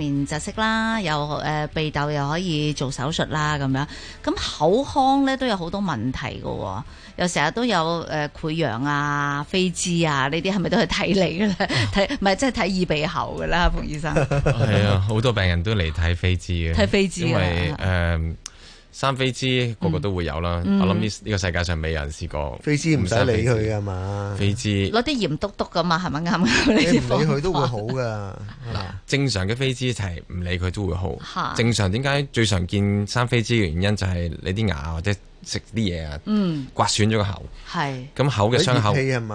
面窒息啦，又誒、呃、鼻竇又可以做手術啦，咁樣，咁口腔咧都有好多問題嘅、哦，又成日都有誒、呃、潰瘍啊、飛滋啊呢啲，係咪都係睇你咧？睇唔係即係睇耳鼻喉嘅啦，馮醫生。係 啊，好多病人都嚟睇飛滋嘅，睇飛滋。啊、呃，因為、嗯生飛滋個個都會有啦，嗯、我諗呢呢個世界上未有人試過。飛滋唔使理佢噶嘛，飛滋攞啲鹽篤篤噶嘛，係咪啱？你唔理佢都會好噶。嗱， 正常嘅飛滋就係唔理佢都會好。啊、正常點解、啊、最常見生飛滋嘅原因就係你啲牙或者食啲嘢啊，嗯、刮損咗個是口，口。係咁口嘅傷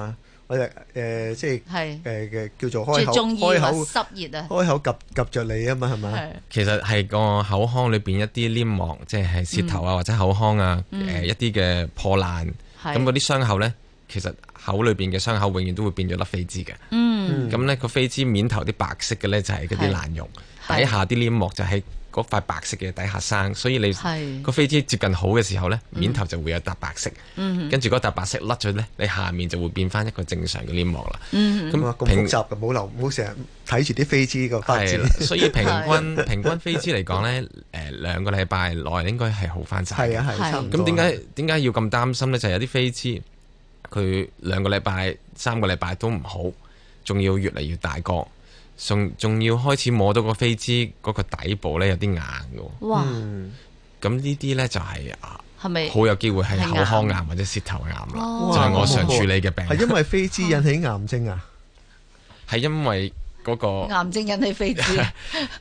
口。我哋誒即係嘅、呃、叫做開口，開口濕熱啊，開口及及著你啊嘛，係咪？是其實係個口腔裏邊一啲黏膜，即係舌頭啊、嗯、或者口腔啊誒、嗯呃、一啲嘅破爛，咁嗰啲傷口咧，其實口裏邊嘅傷口永遠都會變咗粒飛滋嘅。嗯，咁咧個飛滋面頭啲白色嘅咧就係嗰啲爛肉，底下啲黏膜就係、是。嗰塊白色嘅底下生，所以你是個飛滋接近好嘅時候呢，嗯、哼面頭就會有笪白色，嗯、哼跟住嗰笪白色甩咗呢，你下面就會變翻一個正常嘅黏膜啦。咁啊、嗯哼，咁複雜嘅，冇平留，唔好成日睇住啲飛滋個發展。所以平均， 的平，均平均飛滋嚟講呢，誒、呃，兩個禮拜內應該係好翻晒係啊，係差唔多。咁點解點解要咁擔心呢？就係、是、有啲飛滋，佢兩個禮拜、三個禮拜都唔好，仲要越嚟越大個。仲仲要開始摸到個痱滋嗰個底部呢，有啲硬嘅。哇！咁呢啲呢，這這就係、是、啊，係咪好有機會係口腔癌或者舌頭癌啦？哇就係我常處理嘅病。係哇因為痱滋引起癌症啊？係 因為嗰、那個癌症引起痱滋。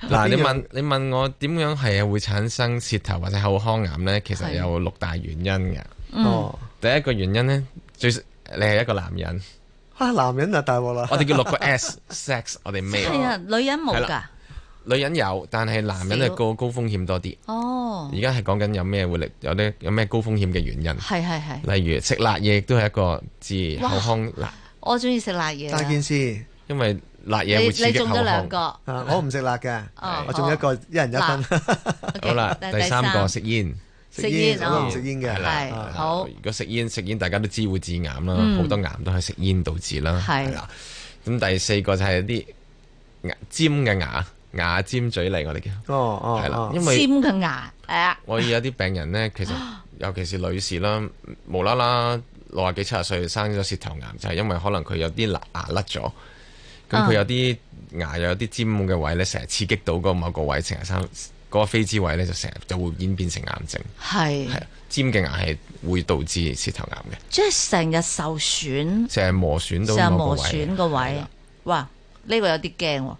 嗱，你問你問我點樣係啊會產生舌頭或者口腔癌呢？其實有六大原因嘅。哦，嗯、第一個原因呢，最少你係一個男人。吓，男人啊，大鑊啦，我哋叫六個 S，sex，我哋咩啊？係啊，女人冇㗎？係啦，女人有，但係男人係個高風險多啲。哦，而家係講緊有咩會力，有啲有咩高風險嘅原因？係係係，例如食辣嘢，亦都係一個字口腔辣。我中意食辣嘢。但件事，因為辣嘢會刺激口腔。你你中咗兩個。啊，我唔食辣嘅，我中一個，一人一分。好啦，第三個食煙。食煙食煙嘅係啦，好。如果食煙食煙，大家都知會致癌啦，好多癌都係食煙導致啦。係啦，咁第四個就係啲牙尖嘅牙牙尖嘴利。我哋叫哦哦，係啦，尖嘅牙係啊。我有啲病人咧，其實尤其是女士啦，無啦啦六十幾七十歲生咗舌頭癌，就係因為可能佢有啲牙甩咗，咁佢有啲牙又有啲尖嘅位咧，成日刺激到嗰某個位，成日生。嗰個非脂位咧就成日就會演變成癌症，係，尖嘅癌係會導致舌頭癌嘅，即係成日受損，成日磨損到個位，磨損個位，哇，呢個有啲驚，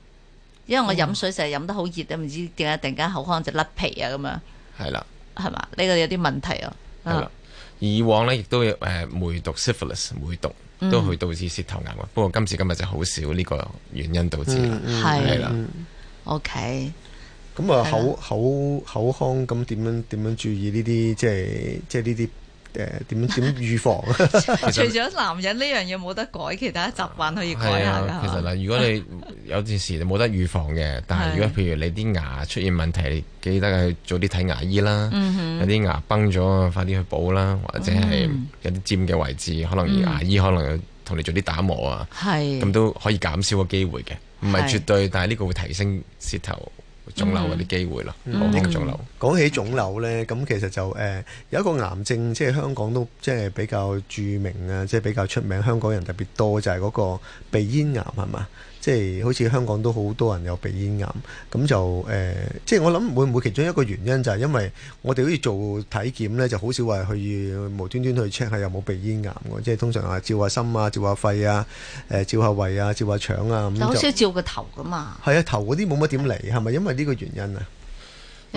因為我飲水成日飲得好熱啊，唔知點解突然間口腔就甩皮啊咁樣，係啦，係嘛？呢個有啲問題啊，以往咧亦都有誒梅毒 syphilis 梅毒都會導致舌頭癌嘅，不過今時今日就好少呢個原因導致啦，係啦，OK。咁啊、嗯、口口口腔咁點樣點樣，樣注意呢啲即係即係呢啲誒點樣點預防？ 除咗男人呢樣嘢冇得改，其他習慣可以改下噶。嗯嗯、其實嗱，如果你 有陣時你冇得預防嘅，但係如果譬如你啲牙出現問題，記得去早啲睇牙醫啦。嗯、哼有啲牙崩咗，快啲去補啦。或者係有啲尖嘅位置，可能牙醫可能同你做啲打磨啊，咁、嗯、都可以減少個機會嘅，唔係絕對。是但係呢個會提升舌頭腫瘤嗰啲機會咯，講起、嗯、腫瘤、嗯講。講起腫瘤呢，咁其實就誒、呃、有一個癌症，即係香港都即係比較著名啊，即係比較出名，香港人特別多就係、係、嗰個鼻咽癌，係嘛？即係好似香港都好多人有鼻咽癌，咁就誒，即係我諗會唔會其中一個原因就係因為我哋好似做體檢咧，就好少話去無端端去 check 下有冇鼻咽癌嘅，即係通常係照下心啊、照下肺啊、誒、呃、照下胃啊、照下腸啊。啊就好少 照個頭㗎嘛。係啊，頭嗰啲冇乜點嚟，係咪 因為呢個原因啊？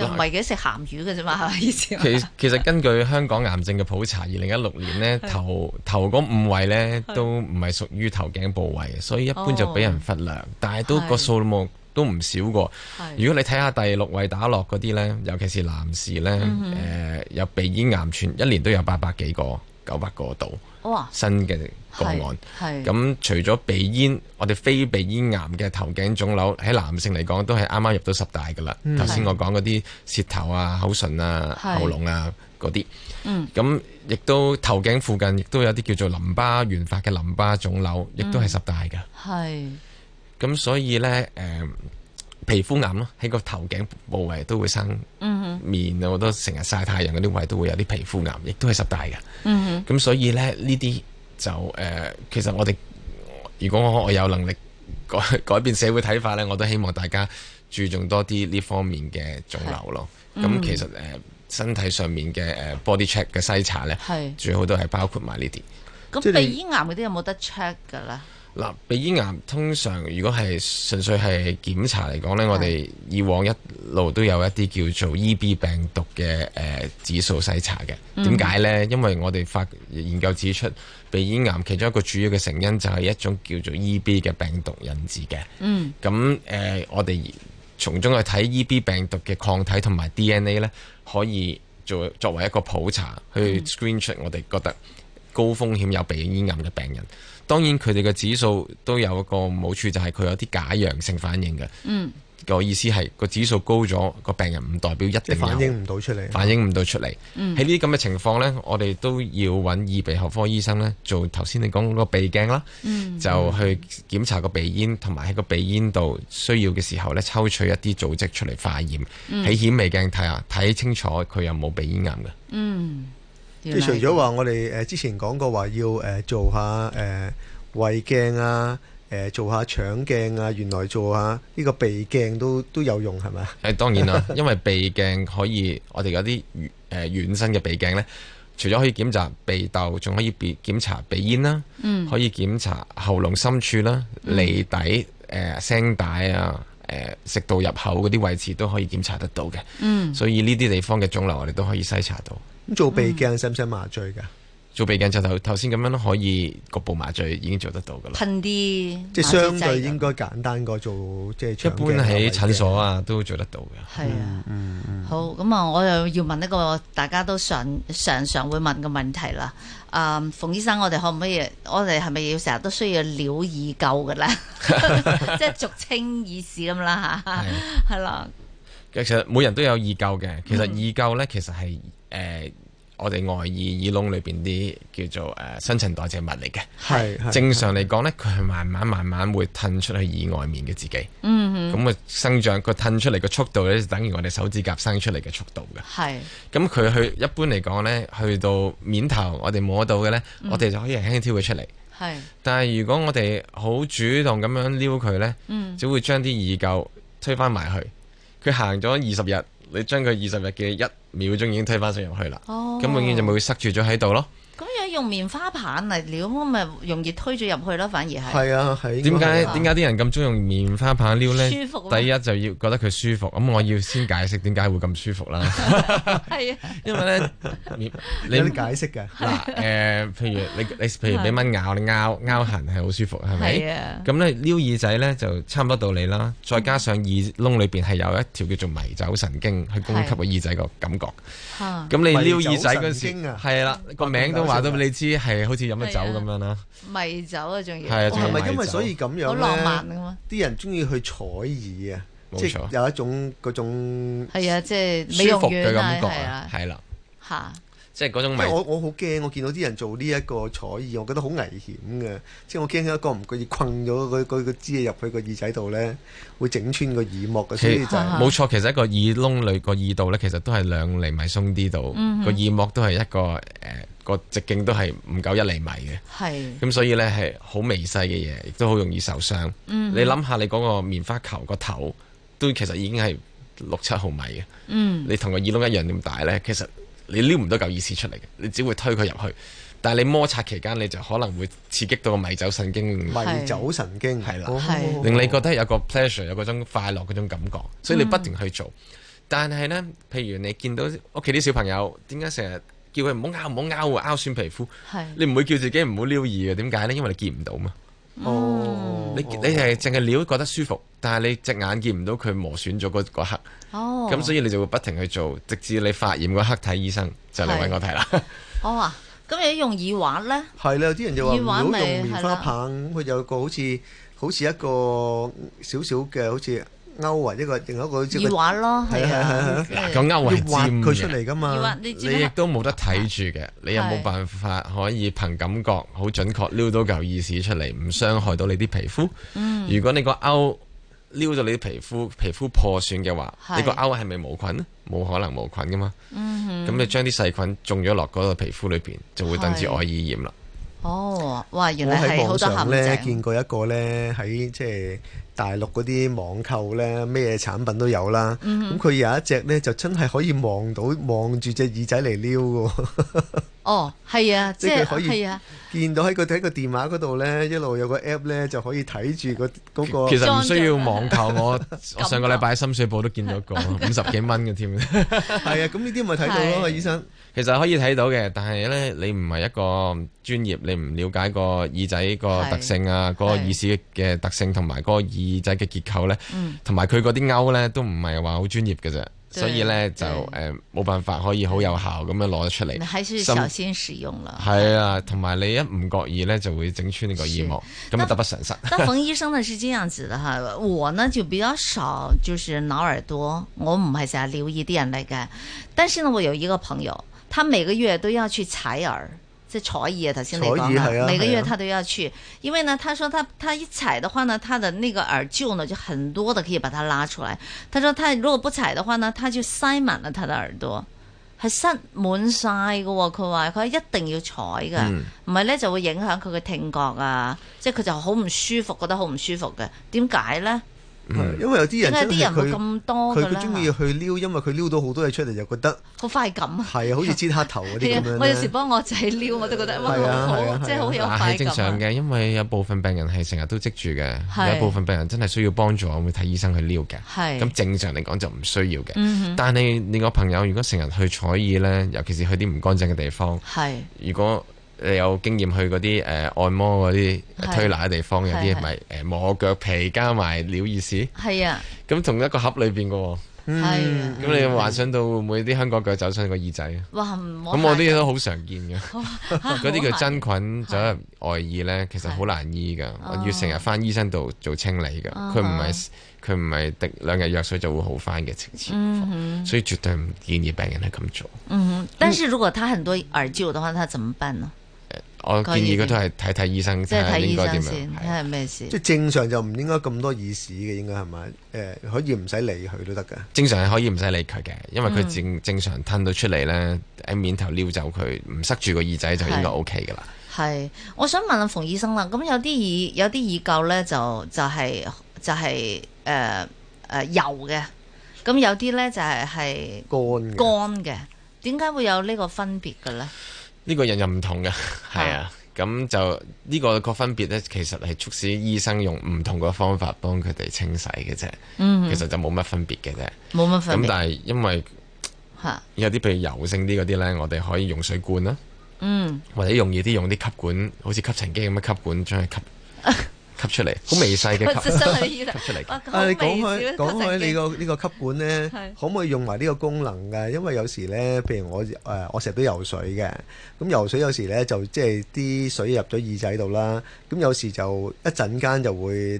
唔係幾食鹹魚嘅啫嘛，係咪意思？其其實根據香港癌症嘅普查，二零一六年呢頭 頭嗰五位呢都唔係屬於頭頸部位，所以一般就俾人忽略。哦、但係都個數目都唔少過。是如果你睇下第六位打落嗰啲呢，尤其是男士呢，誒、嗯哼呃、有鼻咽癌，全一年都有八百幾個。九百個度，哇、哦啊！新嘅個案，係咁除咗鼻咽，我哋非鼻咽癌嘅頭頸腫瘤喺男性嚟講都係啱啱入到十大㗎啦。頭先、嗯、我講嗰啲舌頭啊、口唇啊、喉嚨是啊嗰啲，嗯，咁亦都頭頸附近亦都有啲叫做淋巴原發嘅淋巴腫瘤，亦都係十大㗎，係咁、嗯、所以呢。誒、呃。皮膚癌咯，喺個頭頸部位都會生面，好多成日曬太陽嗰啲位都會有啲皮膚癌，亦都係十大嘅。咁、嗯、哼所以咧，呢啲就誒、呃，其實我哋如果我有能力改改變社會睇法咧，我都希望大家注重多啲呢方面嘅腫瘤咯。咁是其實誒、嗯呃、身體上面嘅誒、呃、body check 嘅篩查咧，是最好都係包括埋呢啲。咁鼻咽癌嗰啲有冇得 check 㗎啦？嗯你嗱，鼻咽癌通常如果係純粹係檢查嚟講呢，我哋以往一路都有一啲叫做 EB 病毒嘅誒、呃、指數篩查嘅。點解、嗯、呢？因為我哋發研究指出，鼻咽癌其中一個主要嘅成因就係一種叫做 EB 嘅病毒引致嘅。嗯。咁誒、呃，我哋從中去睇 EB 病毒嘅抗體同埋 DNA 呢，可以做作為一個普查去 screen、嗯、出我哋覺得，高風險有鼻咽癌嘅病人，當然佢哋嘅指數都有一個好處，就係、是、佢有啲假陽性反應嘅。嗯，個意思係個指數高咗，個病人唔代表一定有反應唔到出嚟，反應唔到出嚟。喺呢啲咁嘅情況呢，我哋都要揾耳鼻喉科醫生呢做頭先你講嗰個鼻鏡啦，嗯、就去檢查個鼻咽同埋喺個鼻咽度需要嘅時候呢，抽取一啲組織出嚟化驗，喺顯、嗯、微鏡睇下，睇清楚佢有冇鼻咽癌嘅。嗯。即除咗話我哋誒之前講過話要誒做下誒胃鏡啊，誒做下腸鏡啊，原來做下呢個鼻鏡都都有用係咪？誒，當然啦、啊，因為鼻鏡可以我哋有啲誒軟身嘅鼻鏡呢，除咗可以檢查鼻竇，仲可以檢檢查鼻咽啦，嗯、可以檢查喉嚨深處啦、脷底、誒、呃、聲帶啊、誒、呃、食道入口嗰啲位置都可以檢查得到嘅，嗯，所以呢啲地方嘅腫瘤我哋都可以篩查到。做鼻鏡使唔使麻醉噶？做鼻鏡就頭頭先咁樣可以局部麻醉已經做得到噶啦。噴啲，即係相對應該簡單過做即係。一般喺診所啊都做得到嘅。係啊，嗯好，咁啊，我又要問一個大家都常常常會問嘅問題啦。啊，馮醫生，我哋可唔可以？我哋係咪要成日都需要撩耳垢噶啦？即係俗稱耳屎咁啦吓，係啦。其實每人都有耳垢嘅，其實耳垢咧，其實係。誒、呃，我哋外耳耳窿裏邊啲叫做誒新陳代謝物嚟嘅，係正常嚟講呢佢係慢慢慢慢會褪出去耳外面嘅自己，嗯哼，咁啊生長佢褪出嚟個速度呢，就等於我哋手指甲生出嚟嘅速度嘅，係是。咁佢去一般嚟講呢，去到面頭我哋摸到嘅呢，嗯、我哋就可以輕輕挑佢出嚟，係是。但係如果我哋好主動咁樣撩佢呢，嗯，只會將啲耳垢推返埋去。佢行咗二十日。你將佢二十日嘅一秒鐘已經推返上入去啦，咁、哦、永遠就冇會塞住咗喺度咯。咁樣用棉花棒嚟撩，咪容易推咗入去咯，反而係。係啊係。點解，點解啲人咁中意用棉花棒撩咧？舒服。第一就要覺得佢舒服，咁我要先解釋點解會咁舒服啦。係啊。因為咧，你，為你解釋嘅。嗱，誒、啊呃，譬如你，你譬如俾蚊咬，啊、你拗、拗痕係好舒服，係咪？咁咧撩耳仔咧就差唔多道理啦，再加上耳窿裏邊係有一條叫做迷走神經去供給個耳仔個感覺。嚇、啊。咁、啊、你撩耳仔嗰時，係啦、啊，個名都。話到俾你知係嗎好似飲咗酒咁樣啦，迷酒啊，仲要係啊係咪、哦、因為所以咁樣浪漫嘅嘛，啲人中意去採耳啊，即係錯有一種嗰種係啊，即係舒服嘅感覺啊，係啦嚇。即係嗰種我我好驚，我見到啲人做呢一個採耳，我覺得好危險嘅。即係我驚有一個唔覺意困咗佢佢個枝嘢入去個耳仔度咧，會整穿個耳膜嘅。所以就係、其實冇錯，其實一個耳窿裏個耳道咧，其實都係兩厘米鬆啲度，個、嗯、哼耳膜都係一個誒個、呃、直徑都係唔夠一厘米嘅。係咁是，所以咧係好微細嘅嘢，亦都好容易受傷。嗯、哼你諗下，你嗰個棉花球個頭都其實已經係六七毫米嘅。嗯、你同個耳窿一樣咁大咧，其實。你撩唔到嚿意思出嚟嘅，你只會推佢入去。但係你摩擦期間，你就可能會刺激到個迷走神經。迷走神經係啦，了哦、令你覺得有個 pleasure，有嗰種快樂嗰種感覺。所以你不斷去做。嗯、但係呢，譬如你見到屋企啲小朋友點解成日叫佢唔好拗唔好拗啊，拗損皮膚。是你唔會叫自己唔好撩耳嘅，點解呢？因為你見唔到嘛。哦、oh, oh, oh, oh，你你係淨係料覺得舒服，但係你隻眼見唔到佢磨損咗嗰嗰刻，哦，咁所以你就會不停去做，直至你發炎嗰刻睇醫生就嚟揾我睇啦。好啊，咁、哦、你果用耳滑咧？係啦， 有啲人就話耳果用棉花棒，佢有個好似的好似一個少少嘅好似。勾一，啊這個，另外一個即係。畫，這個，咯，係啊，嗱、嗯，個勾係尖嘅，佢出嚟噶嘛。你亦都冇得睇住嘅，你，你、啊、你又冇辦法可以憑感覺好準確撩到嚿耳屎出嚟，唔傷害到你啲皮膚。嗯、如果你個勾撩咗你啲皮膚，皮膚破損嘅話，你個勾係咪無菌呢？冇可能無菌噶嘛。嗯，咁你將啲細菌種咗落嗰個皮膚裏邊，就會導致外耳炎啦。哦，哇！原來係好多陷阱。我喺網上呢見過一個呢，喺即係大陸嗰啲網購呢，咩產品都有啦。咁佢、嗯、哼有一隻呢，就真係可以望到望住隻耳仔嚟撩喎。 哦，係啊，即係可以、啊、見到喺佢喺個電話嗰度咧，一路有個 app 咧就可以睇住個嗰個，其實唔需要網購 我上個禮拜喺深水埗都見到一個五十幾蚊嘅添。係啊，咁呢啲咪睇到咯，是醫生。其實可以睇到嘅，但係咧你唔係一個專業，你唔了解個耳仔個特性啊，嗰個，個耳屎嘅特性同埋嗰個耳仔嘅結構咧，同埋佢嗰啲勾咧都唔係話好專業嘅啫。所以咧對就誒冇、呃、辦法可以好有效咁樣攞得出嚟，你還是小心使用啦。係心啊，同埋、嗯、你一唔覺意咧就會整穿呢個耳膜，咁啊是得不償失但。 但馮醫生呢是這樣子的哈，我呢就比較少就是撓耳朵，我唔係成日留意啲人嚟嘅。但是呢，我有一個朋友，他每個月都要去採耳。即採耳呀，頭先你講啦。啊、每個月他都要去，啊、因為呢，他說他他一踩的話呢，他的那個耳垢呢就很多的可以把他拉出來。他說他如果不踩的話呢，他就塞滿了他的耳朵，係塞滿晒嘅。佢話佢一定要採嘅，唔係咧就會影響佢嘅聽覺啊，即係佢就好唔舒服，覺得好唔舒服嘅。點解咧？因為有啲人，啲人唔咁多。佢佢中意去撩，因為佢撩到好多嘢出嚟，就覺得好快感。係啊，好似剪黑頭嗰啲。我有時幫我仔撩，我都覺得哇，好即係好有快感。係正常嘅，因為有部分病人係成日都積住嘅，有部分病人真係需要幫助，我會睇醫生去撩嘅。咁正常嚟講就唔需要嘅。但係你個朋友如果成日去採耳咧，尤其是去啲唔乾淨嘅地方，係。如果你有經驗去嗰啲誒按摩嗰啲推拿嘅地方，有啲係咪誒磨腳皮加埋了意思？係啊，咁同一個盒裏邊個喎。係，咁你幻想到會唔會啲香港腳走上個耳仔？咁我啲嘢都好常見嘅，嗰啲叫真菌走入外耳咧，其實好難醫㗎，要成日翻醫生度做清理㗎。佢唔係佢唔係滴兩日藥水就會好翻嘅情況，所以絕對唔建議病人係咁做。嗯，但是如果他很多耳垢的話，他怎麼辦呢？我建議佢都係睇睇醫生，即係睇醫生睇睇應該點樣先醫生，睇係咩事。即係正常就唔應該咁多耳屎嘅，應該係咪？誒、呃，可以唔使理佢都得噶。正常係可以唔使理佢嘅，因為佢正、嗯、正常吞到出嚟咧，喺面頭撩走佢，唔塞住個耳仔就應該 OK 噶啦。係，我想問阿馮醫生啦。咁有啲耳有啲耳垢咧，就是、就係、是呃呃、就係誒誒油嘅，咁有啲咧就係係乾乾嘅。點解的會有呢個分別嘅咧？呢個人又唔同嘅，係啊，咁、啊、就呢個個分別呢，其實係促使醫生用唔同個方法幫佢哋清洗嘅啫。嗯、哼其實就冇乜分別嘅啫。冇乜分別。咁、啊、但係因為有啲譬如油性啲嗰啲呢，我哋可以用水罐啦。嗯、或者容易啲用啲吸管，好似吸塵機咁嘅吸管將佢吸。吸出嚟，好微細嘅吸。吸出嚟。啊，你講開講開，你個呢個吸管咧，可唔 可以用埋呢個功能㗎？因為有時咧，譬如我誒，我成日都游水嘅，咁游水有時咧就即係啲水入咗耳仔度啦，咁有時就一陣間就會，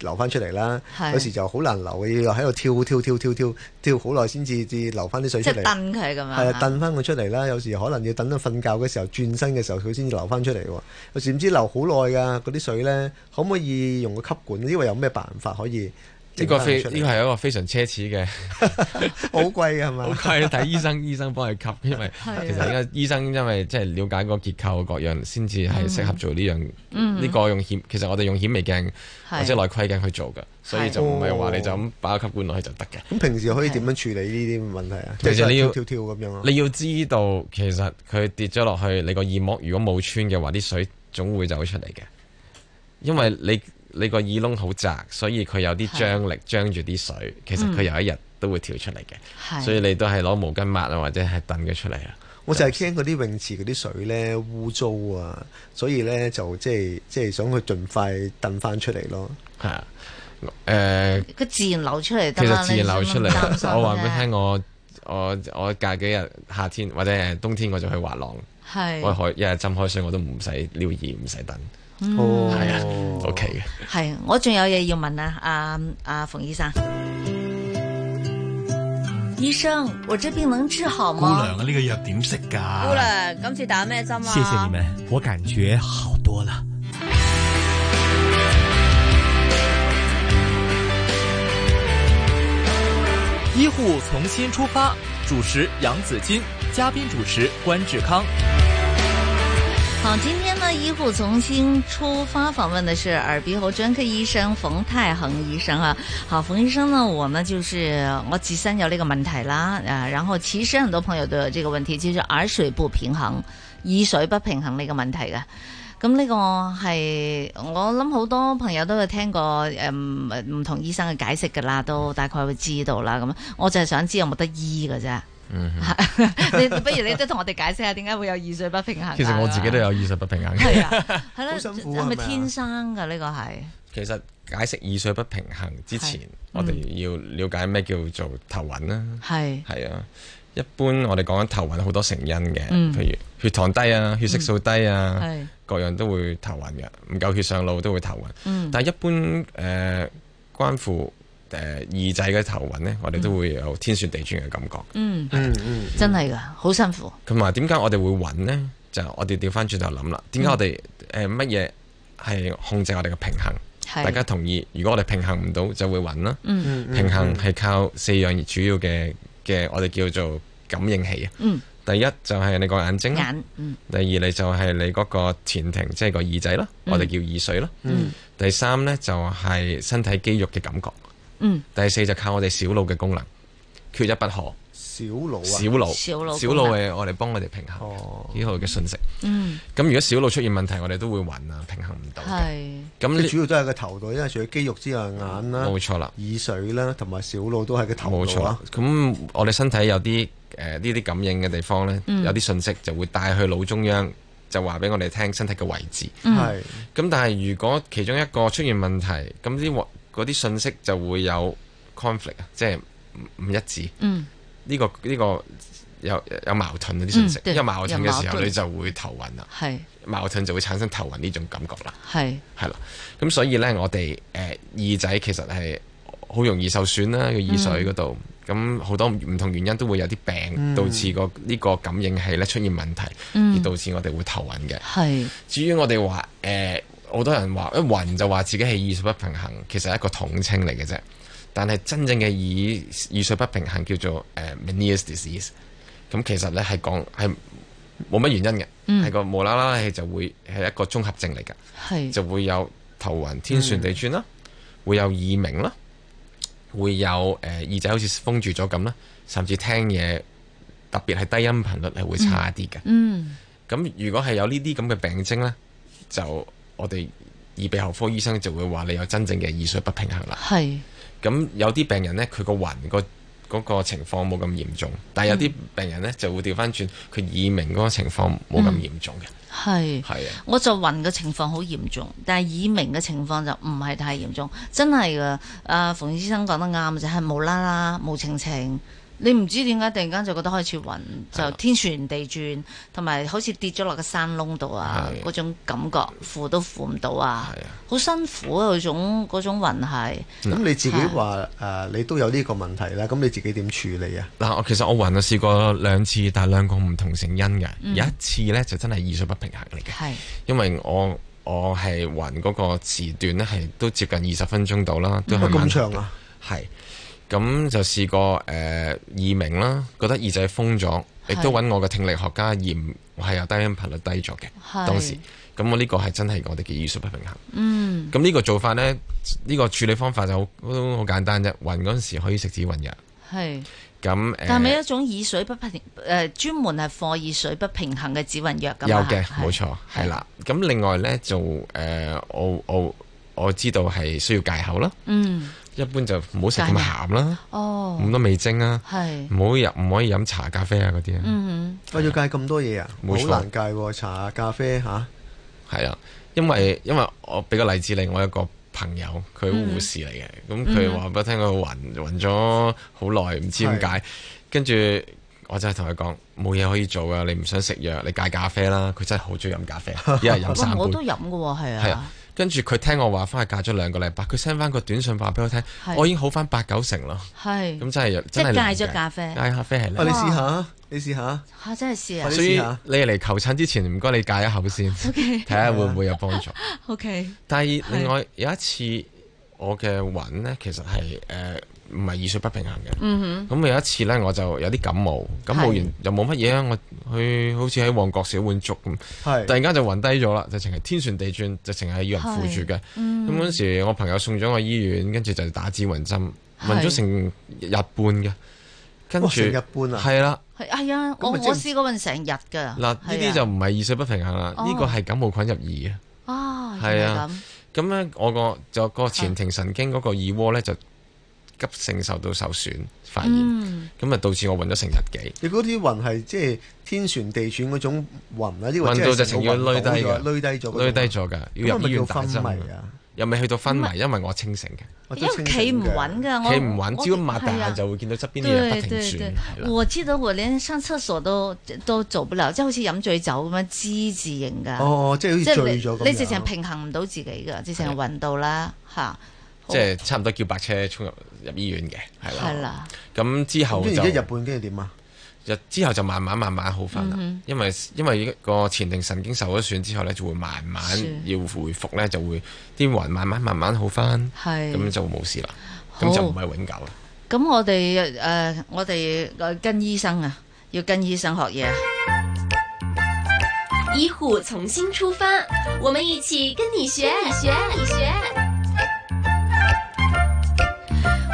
流翻出嚟啦，有時就好難流嘅，要喺度跳跳跳跳跳跳好耐先至至流翻啲水出嚟。即係蹬佢咁樣，係啊，蹬翻佢出嚟啦。有時可能要等佢瞓覺嘅時候，轉身嘅時候佢先至流翻出嚟喎。有時唔知流好耐噶，嗰啲水呢，可唔可以用個吸管？呢個有咩辦法可以？呢個呢個係一個非常奢侈嘅 的，好 貴嘅係咪？好貴，睇醫生，醫生幫你吸，因為其實而家醫生因為即係了解個結構各樣，先至係適合做呢樣呢個用顯。其實我哋用顯微鏡或者內窺鏡去做嘅，是所以就唔係話你就咁把個吸管落去就得嘅。咁、哦、平時可以點樣處理呢啲問題啊？其實是你要跳跳咁樣。你要知道，其實佢跌咗落去，你個耳膜如果冇穿嘅話，啲水總會走出嚟嘅，因為你。你個耳窿好窄，所以佢有啲張力是張住啲水，其實佢有一日都會跳出嚟嘅，嗯、所以你都係攞毛巾抹啊，或者係燉咗出嚟啊。我就係驚嗰啲泳池嗰啲水呢污糟啊，所以呢就即係即係想佢盡快燉翻出嚟咯。係啊，誒、呃，佢自然流出嚟。其實自然流出嚟。我話俾你聽，我我我隔幾日夏天或者冬天我就去滑浪，是我一開一日浸海水我都唔使撩耳，唔使燉。嗯哎、呀哦，係啊，OK 嘅。係，我仲有嘢要問啊，阿、啊、阿、啊、馮醫生。醫生，我這病能治好嗎？姑娘，呢個藥點食㗎？姑娘，今次打咩針啊？謝謝你們，我感覺好多啦。醫護從新出發，主持楊子金，嘉賓主持關志康。好、嗯，今天。醫護重新出發，訪問的是耳鼻喉專科醫生馮泰恒醫生啊。好，馮醫生呢，我呢就是我自身有呢個問題啦。誒、啊，然後其實很多朋友都有這個問題，叫、就、做、是、耳水不平衡、耳水不平衡呢個問題嘅。咁、嗯、呢、這個係我諗好多朋友都有聽過誒唔唔同醫生嘅解釋噶啦，都大概會知道啦。咁、嗯、我就係想知有冇得醫噶啫。嗯，你不如你都同我哋解釋下點解會有耳水不平衡？其實我自己都有耳水不平衡嘅。係啊，係咯，係咪天生噶呢個係？其實解釋耳水不平衡之前，我哋要了解咩叫做頭暈啦。係係啊，一般我哋講緊頭暈好多成因嘅，譬如血糖低啊、血色素低啊，各樣都會頭暈嘅，唔夠血上腦都會頭暈。但係一般誒關乎。誒，耳仔嘅頭暈呢，我哋都會有天旋地轉嘅感覺。嗯嗯嗯，真係噶，好辛苦。同埋，點解我哋會暈呢？就我哋調翻轉頭諗啦，點解我哋誒乜嘢係控制我哋嘅平衡？大家同意，如果我哋平衡唔到，就會暈啦。嗯嗯，平衡係靠四樣主要嘅嘅，我哋叫做感應器啊。第一就係你個眼睛。眼。第二你就係你嗰個前庭，即係個耳仔啦，我哋叫耳水啦。嗯。第三呢，就係身體肌肉嘅感覺。嗯，第四就靠我哋小腦嘅功能，缺一不可。小腦啊，小腦腦，小腦嘅我哋幫我哋平衡呢個嘅信息。咁、嗯、如果小腦出現問題，我哋都會暈啊，平衡唔到嘅。咁你是那主要都係個頭度，因為除咗肌肉之外，眼啦、冇錯啦、耳水啦，同埋小腦都係個頭度啊。咁我哋身體有啲誒呢啲感應嘅地方呢，有啲信息就會帶去腦中央，就話俾我哋聽身體嘅位置。係咁、嗯，嗯、但係如果其中一個出現問題，咁啲嗰啲信息就會有 conflict 啊，即係唔一致。嗯，呢、呢個呢、呢個有有矛盾嗰啲信息，有矛盾嘅、嗯、時候你就會頭暈啦。係是矛盾就會產生頭暈呢種感覺啦。係係啦，咁所以呢，我哋誒、呃、耳仔其實係好容易受損啦，個耳水嗰度。咁好、嗯、多唔同原因都會有啲病導致個呢個感應器咧出現問題，嗯、而導致我哋會頭暈嘅。係是。是至於我哋話誒。呃呃好多人話一暈就話自己係耳水不平衡，其實係一個統稱嚟嘅啫。但係真正嘅耳耳水不平衡叫做誒、呃、Meniere's disease，咁其實咧係講係冇乜原因嘅，係、嗯、個無啦啦係就會係一個綜合症嚟嘅，是就會有頭暈天、天旋地轉啦，會有耳鳴啦，會有誒耳仔好似封住咗咁啦，甚至聽嘢特別係低音頻率係會差啲嘅、嗯。嗯，咁如果係有呢啲咁嘅病徵呢，就我哋耳鼻喉科醫生就會話你有真正嘅耳水不平衡啦。係是，咁有啲病人呢，佢個暈個、嗰個情況冇咁嚴重，但係有啲病人呢就會調翻轉，佢耳鳴嗰個情況冇咁嚴重嘅。係，係啊，我就暈嘅情況好嚴重，但係耳鳴嘅情況就唔係太嚴重。真係㗎，阿、呃、馮醫生講得啱就係、是、無啦啦冇情情。你唔知點解突然間就覺得開始暈，就天旋地轉，同埋、啊、好似跌咗落個山窿度啊！嗰是、啊、種感覺扶都扶唔到啊！好是、啊、辛苦啊！嗰種嗰種暈係。咁、嗯、你自己話誒是、啊啊，你都有呢個問題啦。咁你自己點處理啊？嗱，其實我暈我試過兩次，但係兩個唔同成因嘅。有一次咧，就真係耳水不平衡嚟嘅，嗯、因為我我係暈嗰個時段咧，係都接近二十分鐘到啦，都係咁、嗯、長啊，係。咁就試過誒耳鳴啦，覺得耳仔封咗，亦都揾我嘅聽力學家驗，係有低音頻率低咗嘅。當時，咁我呢個係真係我哋嘅耳水不平衡。嗯。咁呢個做法呢，呢個處理方法就好好簡單啫。暈嗰陣時可以食止暈藥。係。咁但係咪一種耳水不平衡誒，專門係破耳水不平衡嘅止暈藥。有嘅，冇錯，係啦。咁另外呢，就誒，我我知道係需要戒口啦。嗯。一般就唔好食咁鹹啦，哦，咁多味精啊，係唔好飲，唔可以飲茶咖啡啊嗰啲啊，嗯，我要戒咁多嘢啊，好難戒喎，茶咖啡吓？係啊，因為因為我俾個例子你，我一個朋友佢護士嚟嘅，咁佢話俾我聽佢暈暈咗好耐，唔知點解，跟住我真係同佢講冇嘢可以做啊，你唔想食藥，你戒咖啡啦，佢真係好中意飲咖啡，一日飲三杯，我都飲㗎喎，係啊。跟住佢聽我話，翻去戒咗兩個禮拜，佢 send 翻個短信話俾我聽，我已經好翻八九成咯。係，咁真係，即係戒咗咖啡。戒咖啡係，你試下，你試下。真係試啊。所以你嚟求診之前，唔該你戒一口先。OK。睇下會唔會有幫助？OK。第二另外有一次我嘅暈呢，其實係誒。唔係耳水不平衡嘅，咁有一次呢，我就有啲感冒，感冒完又冇乜嘢啦，我去好似喺旺角食碗粥咁，突然間就暈低咗啦，就成日天旋地轉，就成日要人扶住嘅，咁嗰時我朋友送咗我醫院，跟住就打止暈針，暈咗成日半嘅，跟住係啦，係啊，我我試過暈成日噶，嗱呢啲就唔係耳水不平衡啦，呢個係感冒菌入耳嘅，係啊，咁呢，我個就個前庭神經嗰個耳蝸呢，就。急性受到受損，發炎咁啊，導致我暈咗成日幾。你嗰啲暈係即係天旋地轉嗰種暈啊，呢個即係好嚴重嘅。累低嘅，低咗，累低咗噶，要入醫院打針。又未去到昏迷，因為我清醒嘅。一企唔穩噶，企唔穩，只要擘大眼就會見到側邊啲人不停轉。我知道我連上廁所都都做不了，即係好似飲醉酒咁樣之字型噶。哦，即係好似醉咗咁樣。你直情平衡唔到自己噶，直情暈到啦吓。好即係差唔多叫白車衝入入醫院嘅，係啦。咁的之後就。日本機器點啊？之後就慢慢慢慢好翻、嗯哼，因為因為個前庭神經受咗損之後咧，就會慢慢要回復咧，的就會啲暈慢慢慢慢好翻。係咁的就冇事啦。咁好就唔係永久啦。咁我哋誒、uh, 我哋跟醫生啊，要跟醫生學嘢。醫護重新出發，我們一起跟你學，你學，你學。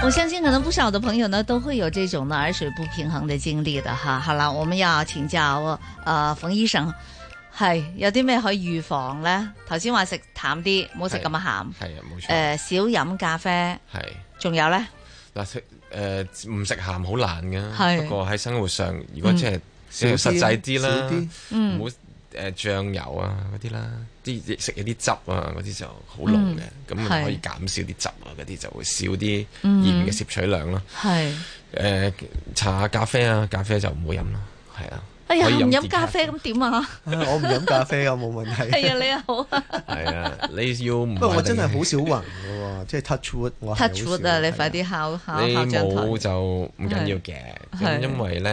我相信可能不少的朋友呢都會有這種呢耳水不平衡的經歷的哈。好了，我們要請教我，呃，馮醫生，係有啲咩可以預防呢？頭先話食淡啲，唔好食咁啊鹹。係啊，冇錯。誒、呃，少飲咖啡。係是。仲有呢？嗱，食誒唔食鹹好難嘅。係。不，是不過喺生活上，如果即係少實際啲啦，嗯，唔好、嗯。誒、呃、醬油啊嗰啲啦，啲食一啲汁啊嗰啲就好濃嘅，咁、嗯、可以減少啲汁啊嗰啲就會少啲鹽嘅攝取量咯、啊。係誒、嗯，查下、呃、咖啡啊，咖啡就唔好飲咯。係啊。哎呀，唔飲咖啡咁點啊？我唔飲咖啡、嗯 哎、啊，冇問題。係啊，你啊好。係啊，你要唔？不過我真係好少暈嘅，即係 touchwood。touchwood 啊，你快啲考下。考考張台你冇就唔緊要嘅，咁是因為咧誒誒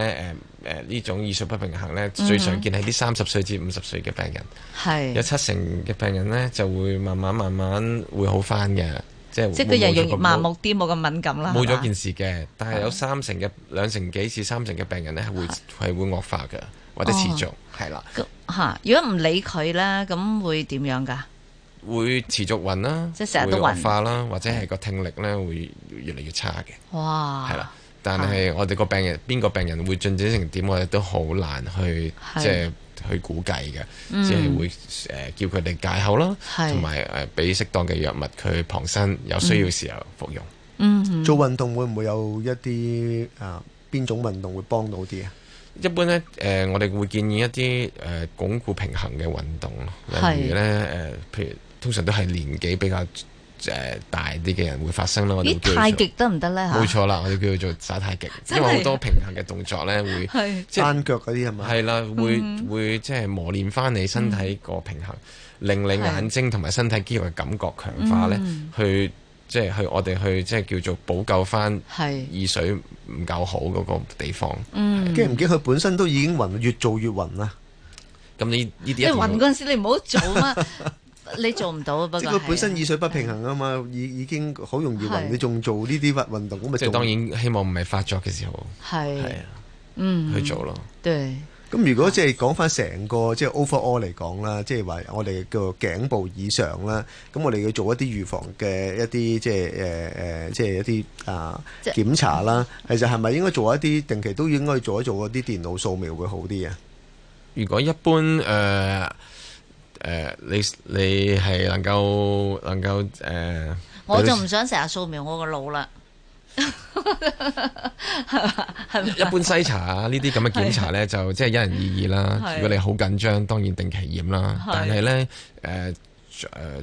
呢、呃、種耳水不平衡咧最常見係啲三十歲至五十歲嘅病人，係是有七成嘅病人咧就會慢慢慢慢會好翻嘅。即係即佢人越嚟越麻木啲，冇咁敏感啦。冇咗件事嘅，吧但係有三成嘅兩成幾至三成嘅病人咧，係是會係會惡化嘅，或者持續係啦。吓、哦，的如果唔理佢咧，咁會點樣噶？會持續混啦，即係成日都惡化啦，或者係個聽力咧會越嚟越差嘅。哇！係啦的，的但係我哋個病人邊個病人會進展成點，我哋都好難去即係。的去估計嘅，即係會誒、呃、叫佢哋戒口啦，同埋誒俾適當嘅藥物，佢傍身有需要時候服用。嗯，嗯做運動會唔會有一啲啊？邊、呃、種運動會幫到啲啊？一般呢，誒、呃、我哋會建議一啲誒鞏固平衡嘅運動，例如呢，誒、呃，譬如通常都係年紀比較。誒，大啲嘅人會發生啦，我哋叫太極得唔得咧？冇錯啦，我哋叫做做耍太極，因為好多平衡嘅動作咧，會單腳嗰啲係嘛，係啦，會會即係磨練翻你身體個平衡，令你眼睛同埋身體肌肉嘅感覺強化咧，去即係去我哋去即係叫做補救翻係耳水唔夠好嗰個地方。嗯，驚唔驚？佢本身都已經暈，越做越暈啊！咁你呢啲暈嗰陣時，你唔好做啊！你做唔到，不過佢本身耳水不平衡啊嘛，已已經好容易暈，你仲做呢啲運運動，咁咪即係當然希望唔係發作嘅時候，係，嗯，去做咯。對，咁如果即係講翻成個即係 overall 嚟講啦，即係話我哋叫頸部以上咧，咁我哋要做一啲預防嘅一啲即係誒誒，即係一啲啊檢查啦。其實係咪應該做一啲定期都應該做一做嗰啲電腦掃描會好啲啊？如果一般誒？誒、uh,，你你係能夠、嗯、能夠誒，uh, 我就唔想成日掃描我個腦啦。一般篩查檢查呢啲咁嘅檢查咧， 是的 就即係因人而異啦。是的 如果你好緊張，當然定期驗啦。是的 但係咧，誒、uh,。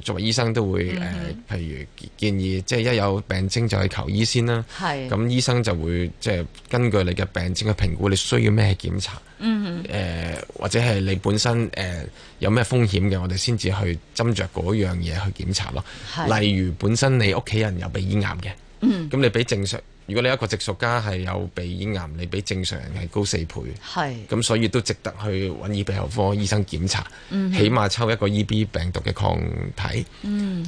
誒，作為醫生都會誒、mm hmm. 呃，譬如建議，即係一有病徵就去求醫先啦。係是，咁醫生就會即係根據你嘅病徵去評估，你需要咩檢查？嗯哼、mm hmm. 呃，或者係你本身誒、呃、有咩風險嘅，我哋先至去斟酌嗰樣嘢去檢查咯。是例如本身你屋企人有鼻咽癌嘅，嗯、mm，咁、hmm. 你畀正常。如果你一個直屬家系有鼻咽癌，你比正常人係高四倍，係咁是所以都值得去揾耳鼻喉科醫生檢查，嗯、起碼抽一個 E B 病毒嘅抗體，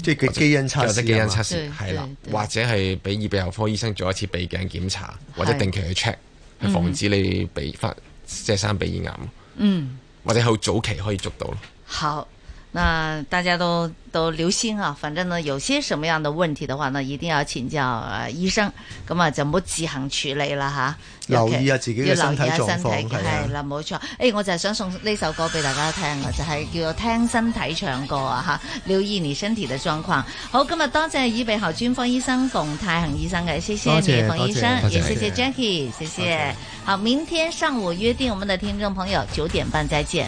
即係嘅基因測試，有得基因測試或者係俾耳鼻喉科醫生做一次鼻鏡檢查，或者定期去 check，是去防止你鼻發、嗯、即係生鼻咽癌，嗯，或者好早期可以捉到咯。好。那大家都都留心啊，反正呢有些什麼樣的問題的話呢，一定要請教、啊、醫生，咁啊，唔好自行處理啦吓。留意下、啊、自己嘅身體係啦，冇錯、啊。誒、啊啊欸，我就係想送呢首歌俾大家聽啊，就係、是、叫做聽身體唱歌啊吓，留意你身體嘅狀況。好，今日多謝耳鼻喉專科醫生馮泰恒醫生嘅，謝謝你，馮醫生，謝謝也謝 Jackie，謝 Jackie，謝謝。好，明天上午約定我們的聽眾朋友九點半時再見。